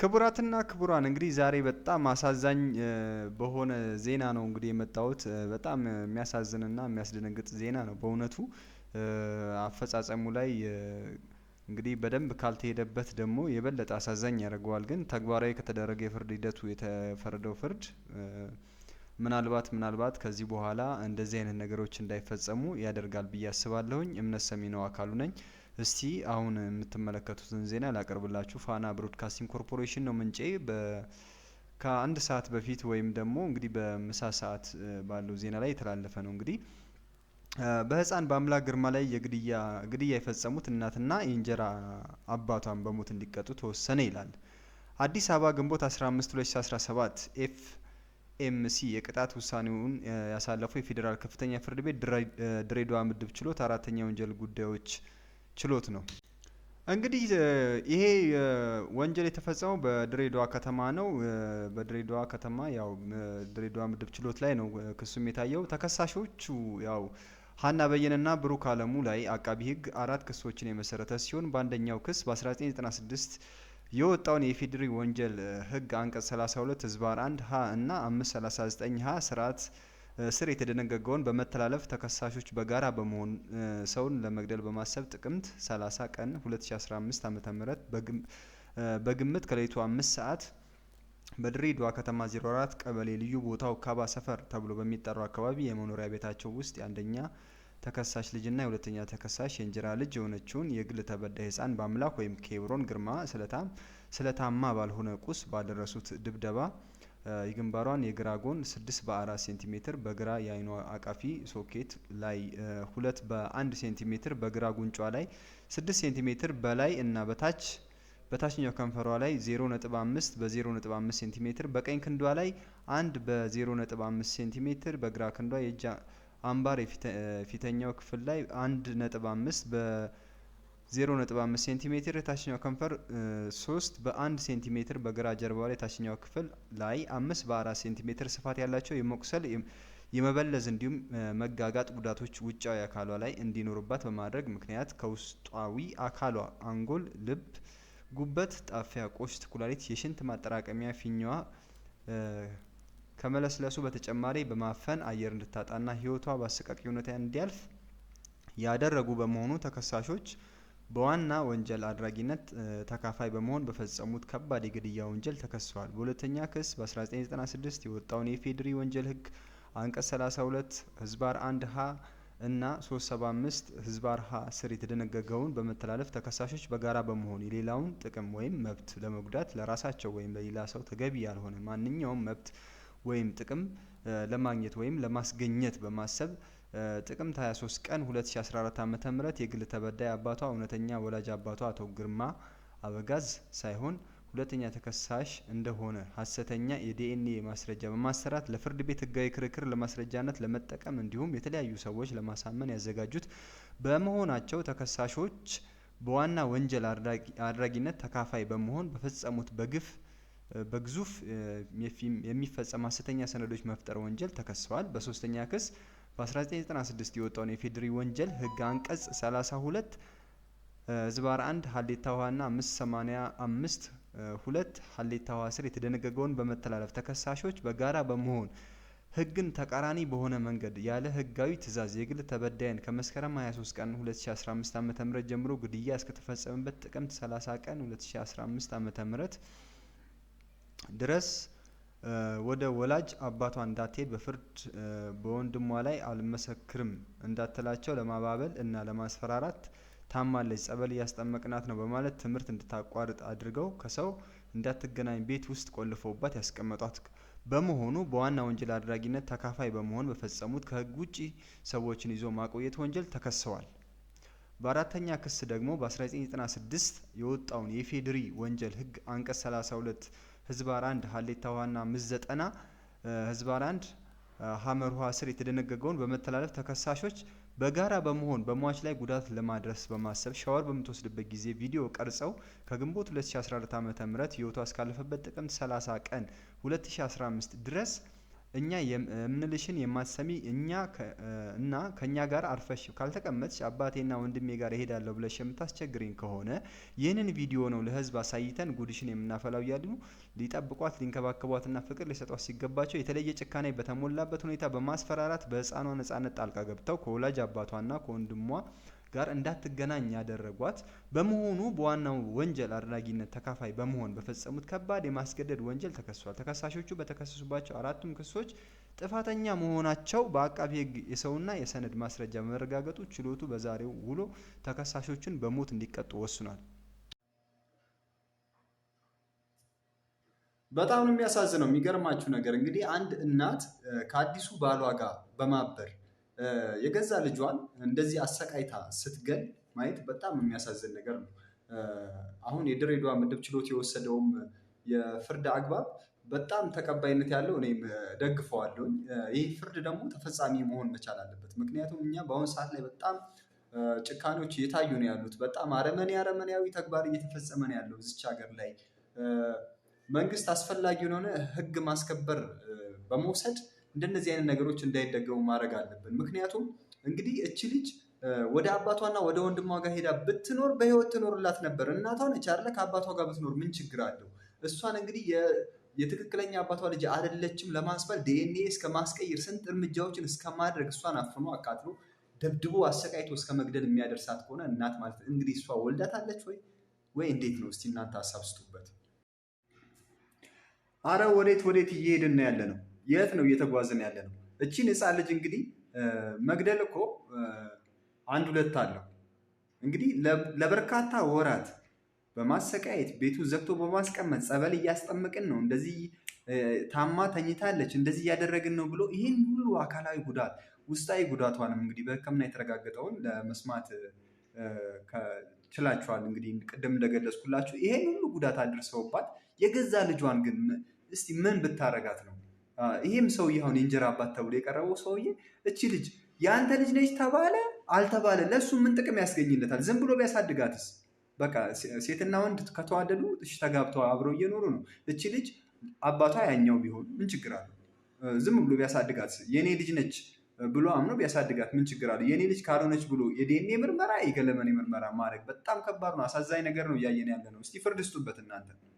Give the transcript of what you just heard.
ክቡራትና ክቡራን እንግዲህ ዛሬ በጣም አሳዛኝ በሆነ ዜና ነው እንግዲህ የመጣሁት። በጣም የሚያሳዝንና የሚያስደነግጥ ዜና ነው በእውነቱ። አፈጻጸሙ ላይ እንግዲህ በደንብ ካልተሄደበት ደግሞ የበለጠ አሳዛኝ ያደርገዋል። ግን ተግባራዊ ከተደረገ የፍርድ ሂደቱ የተፈረደው ፍርድ ምናልባት ምናልባት ከዚህ በኋላ እንደዚህ አይነት ነገሮች እንዳይፈጸሙ ያደርጋል ብዬ አስባለሁኝ። እምነት ሰሚ ነው አካሉ ነኝ። እስቲ አሁን የምትመለከቱትን ዜና ላቀርብላችሁ። ፋና ብሮድካስቲንግ ኮርፖሬሽን ነው ምንጬ። ከአንድ ሰዓት በፊት ወይም ደግሞ እንግዲህ በምሳ ሰዓት ባለው ዜና ላይ የተላለፈ ነው። እንግዲህ በህፃን በአምላክ ግርማ ላይ የግድያ ግድያ የፈጸሙት እናትና የእንጀራ አባቷን በሞት እንዲቀጡ ተወሰነ ይላል። አዲስ አበባ ግንቦት 15 2017 ኤፍ ኤምሲ የቅጣት ውሳኔውን ያሳለፈው የፌዴራል ከፍተኛ ፍርድ ቤት ድሬዳዋ ምድብ ችሎት አራተኛ ወንጀል ጉዳዮች ችሎት ነው። እንግዲህ ይሄ ወንጀል የተፈጸመው በድሬዳዋ ከተማ ነው። በድሬዳዋ ከተማ ያው ድሬዳዋ ምድብ ችሎት ላይ ነው ክሱም የታየው። ተከሳሾቹ ያው ሀና በየነና ብሩክ አለሙ ላይ አቃቢ ሕግ አራት ክሶችን የመሰረተ ሲሆን በአንደኛው ክስ በ1996 የወጣውን የፌዴሪ ወንጀል ሕግ አንቀጽ 32 ህዝባር 1 ሀ እና 539 ሀ ስርዓት ስር የተደነገገውን በመተላለፍ ተከሳሾች በጋራ በመሆን ሰውን ለመግደል በማሰብ ጥቅምት 30 ቀን 2015 ም በግምት ከሌሊቱ አምስት ሰዓት በድሬዳዋ ከተማ 04 ቀበሌ ልዩ ቦታው ካባ ሰፈር ተብሎ በሚጠራው አካባቢ የመኖሪያ ቤታቸው ውስጥ የአንደኛ ተከሳሽ ልጅና የሁለተኛ ተከሳሽ የእንጀራ ልጅ የሆነችውን የግል ተበዳይ ህፃን በአምላክ ወይም ኬብሮን ግርማ ስለታማ ባልሆነ ቁስ ባደረሱት ድብደባ የግንባሯን የግራ ጎን 6 በ4 ሴንቲሜትር በግራ የአይኗ አቃፊ ሶኬት ላይ 2 በ1 ሴንቲሜትር በግራ ጉንጯ ላይ 6 ሴንቲሜትር በላይ እና በታች በታችኛው ከንፈሯ ላይ 0.5 በ0.5 ሴንቲሜትር በቀኝ ክንዷ ላይ 1 በ0.5 ሴንቲሜትር በግራ ክንዷ የእጅ አምባር የፊተኛው ክፍል ላይ 1.5 በ 0.5 ሴንቲሜትር የታችኛው ከንፈር 3 በ1 ሴንቲሜትር በግራ ጀርባው ላይ የታችኛው ክፍል ላይ 5 በ4 ሴንቲሜትር ስፋት ያላቸው የመቁሰል የመበለዝ እንዲሁም መጋጋጥ ጉዳቶች ውጫዊ አካሏ ላይ እንዲኖሩባት በማድረግ ምክንያት ከውስጣዊ አካሏ አንጎል፣ ልብ፣ ጉበት፣ ጣፊያ፣ ቆሽት፣ ኩላሊት፣ የሽንት ማጠራቀሚያ ፊኛዋ ከመለስለሱ በተጨማሪ በማፈን አየር እንድታጣና ህይወቷ በአሰቃቂ ሁኔታ እንዲያልፍ ያደረጉ በመሆኑ ተከሳሾች በዋና ወንጀል አድራጊነት ተካፋይ በመሆን በፈጸሙት ከባድ የግድያ ወንጀል ተከሰዋል። በሁለተኛ ክስ በ1996 የወጣውን የፌዴሪ ወንጀል ህግ አንቀጽ 32 ህዝባር 1 ሀ እና 375 ህዝባር ሀ ስር የተደነገገውን በመተላለፍ ተከሳሾች በጋራ በመሆን የሌላውን ጥቅም ወይም መብት ለመጉዳት ለራሳቸው ወይም ለሌላ ሰው ተገቢ ያልሆነ ማንኛውም መብት ወይም ጥቅም ለማግኘት ወይም ለማስገኘት በማሰብ ጥቅምት 23 ቀን 2014 ዓ.ም የግል ተበዳይ አባቷ እውነተኛ ወላጅ አባቷ አቶ ግርማ አበጋዝ ሳይሆን ሁለተኛ ተከሳሽ እንደሆነ ሀሰተኛ የዲኤንኤ ማስረጃ በማሰራት ለፍርድ ቤት ህጋዊ ክርክር ለማስረጃነት ለመጠቀም እንዲሁም የተለያዩ ሰዎች ለማሳመን ያዘጋጁት በመሆናቸው ተከሳሾች በዋና ወንጀል አድራጊነት ተካፋይ በመሆን በፈጸሙት በግፍ በግዙፍ የሚፈጸም ሀሰተኛ ሰነዶች መፍጠር ወንጀል ተከሰዋል። በሶስተኛ ክስ በ1996 የወጣውን የፌዴሪ ወንጀል ህግ አንቀጽ 32 ዝባር 1 ሀሌታ ውሃና 585 ሁለት ሀሌታ ውሃ ስር የተደነገገውን በመተላለፍ ተከሳሾች በጋራ በመሆን ህግን ተቃራኒ በሆነ መንገድ ያለ ህጋዊ ትዕዛዝ የግል ተበዳይን ከመስከረም 23 ቀን 2015 ዓ.ም ጀምሮ ግድያ እስከተፈጸመበት ጥቅምት 30 ቀን 2015 ም ድረስ ወደ ወላጅ አባቷ እንዳትሄድ በፍርድ በወንድሟ ላይ አልመሰክርም እንዳትላቸው ለማባበል እና ለማስፈራራት ታማለች፣ ጸበል እያስጠመቅናት ነው በማለት ትምህርት እንድታቋርጥ አድርገው ከሰው እንዳትገናኝ ቤት ውስጥ ቆልፈውባት ያስቀመጧት በመሆኑ በዋና ወንጀል አድራጊነት ተካፋይ በመሆን በፈጸሙት ከህግ ውጪ ሰዎችን ይዞ ማቆየት ወንጀል ተከሰዋል። በአራተኛ ክስ ደግሞ በ1996 የወጣውን የፌዴሪ ወንጀል ህግ አንቀጽ 32 ህዝባር አንድ ሀሌታ ውሃና ዘጠና ህዝባር አንድ ሀመር ውሃ ስር የተደነገገውን በመተላለፍ ተከሳሾች በጋራ በመሆን በሟች ላይ ጉዳት ለማድረስ በማሰብ ሻወር በምትወስድበት ጊዜ ቪዲዮ ቀርጸው ከግንቦት 2014 ም ህይወቷ እስካለፈበት ጥቅምት 30 ቀን 2015 ድረስ እኛ የምንልሽን የማትሰሚ እኛ እና ከእኛ ጋር አርፈሽ ካልተቀመጥሽ አባቴና ወንድሜ ጋር እሄዳለሁ ብለሽ የምታስቸግሪኝ ከሆነ ይህንን ቪዲዮ ነው ለህዝብ አሳይተን ጉድሽን የምናፈላው እያሉ ሊጠብቋት ሊንከባከቧትና ፍቅር ሊሰጧት ሲገባቸው የተለየ ጭካኔ በተሞላበት ሁኔታ በማስፈራራት በህፃኗ ነጻነት ጣልቃ ገብተው ከወላጅ አባቷና ከወንድሟ ጋር እንዳትገናኝ ያደረጓት በመሆኑ በዋናው ወንጀል አድራጊነት ተካፋይ በመሆን በፈጸሙት ከባድ የማስገደድ ወንጀል ተከሷል። ተከሳሾቹ በተከሰሱባቸው አራቱም ክሶች ጥፋተኛ መሆናቸው በአቃቢ ሕግ የሰውና የሰነድ ማስረጃ በመረጋገጡ ችሎቱ በዛሬው ውሎ ተከሳሾቹን በሞት እንዲቀጡ ወስኗል። በጣም ነው የሚያሳዝነው። የሚገርማችሁ ነገር እንግዲህ አንድ እናት ከአዲሱ ባሏ ጋር በማበር የገዛ ልጇን እንደዚህ አሰቃይታ ስትገል ማየት በጣም የሚያሳዝን ነገር ነው። አሁን የድሬዳዋ ምድብ ችሎት የወሰደውም የፍርድ አግባብ በጣም ተቀባይነት ያለው እኔም ደግፈዋለሁኝ። ይህ ፍርድ ደግሞ ተፈጻሚ መሆን መቻል አለበት። ምክንያቱም እኛ በአሁኑ ሰዓት ላይ በጣም ጭካኔዎች እየታዩ ነው ያሉት። በጣም አረመኔ አረመኔያዊ ተግባር እየተፈጸመ ነው ያለው እዚች ሀገር ላይ መንግስት አስፈላጊውን የሆነ ህግ ማስከበር በመውሰድ እንደነዚህ አይነት ነገሮች እንዳይደገሙ ማድረግ አለብን። ምክንያቱም እንግዲህ እች ልጅ ወደ አባቷና ወደ ወንድሟ ጋር ሄዳ ብትኖር በህይወት ትኖርላት ነበር። እናቷ ነች ከአባቷ ጋር ብትኖር ምን ችግር አለው? እሷን እንግዲህ የትክክለኛ አባቷ ልጅ አይደለችም ለማስባል ዲኤንኤ እስከ ማስቀየር ስንት እርምጃዎችን እስከ ማድረግ እሷን አፍኖ አቃጥሎ ደብድቦ አሰቃይቶ እስከ መግደል የሚያደርሳት ከሆነ እናት ማለት እንግዲህ እሷ ወልዳታለች ወይ ወይ እንዴት ነው? እስቲ እናንተ ሀሳብ ስጡበት። አረ ወዴት ወዴት እየሄድን ያለ ነው? የት ነው እየተጓዝን ያለ ነው? እቺን ህፃን ልጅ እንግዲህ መግደል እኮ አንድ ሁለት አለው። እንግዲህ ለበርካታ ወራት በማሰቃየት ቤቱ ዘግቶ በማስቀመጥ ጸበል እያስጠመቅን ነው፣ እንደዚህ ታማ ተኝታለች፣ እንደዚህ እያደረግን ነው ብሎ ይህን ሁሉ አካላዊ ጉዳት ውስጣዊ ጉዳቷንም እንግዲህ በሕክምና የተረጋገጠውን ለመስማት ችላችኋል። እንግዲህ ቅድም እንደገለጽኩላችሁ ይሄን ሁሉ ጉዳት አድርሰውባት የገዛ ልጇን ግን እስቲ ምን ብታረጋት ነው? ይህም ሰውዬ አሁን የእንጀራ አባት ተብሎ የቀረበው ሰውዬ እቺ ልጅ የአንተ ልጅ ነች ተባለ አልተባለ ለእሱ ምን ጥቅም ያስገኝለታል? ዝም ብሎ ቢያሳድጋትስ? በቃ ሴትና ወንድ ከተዋደዱ እሺ፣ ተጋብተው አብረው እየኖሩ ነው። እቺ ልጅ አባቷ ያኛው ቢሆን ምን ችግር አለ? ዝም ብሎ ቢያሳድጋትስ? የእኔ ልጅ ነች ብሎ አምኖ ቢያሳድጋት ምን ችግር አለ? የእኔ ልጅ ካልሆነች ብሎ የዲኤንኤ ምርመራ የገለመኔ ምርመራ ማድረግ በጣም ከባድ ነው። አሳዛኝ ነገር ነው እያየን ያለ ነው። እስቲ ፍርድ ስጡበት እናንተ።